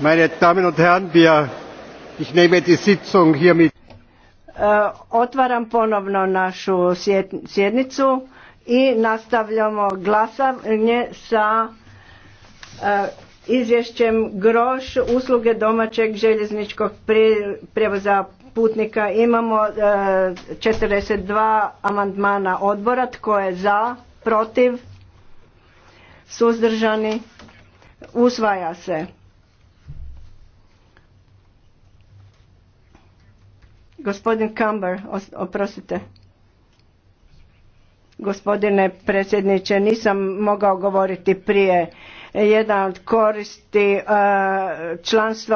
meine damen und herren ich nehme die sitzung hiermit e, otvaram ponovno našu sjednicu i nastavljamo glasanje sa e, izvješćem groš usluge domaćeg željezničkog prijevoza putnika imamo 42 e, amandmana odbora tko je za protiv suzdržani usvaja se Gospodin Kamber, oprostite. Gospodine predsjedniče, nisam mogao govoriti prije. Jedan od koristi e, članstva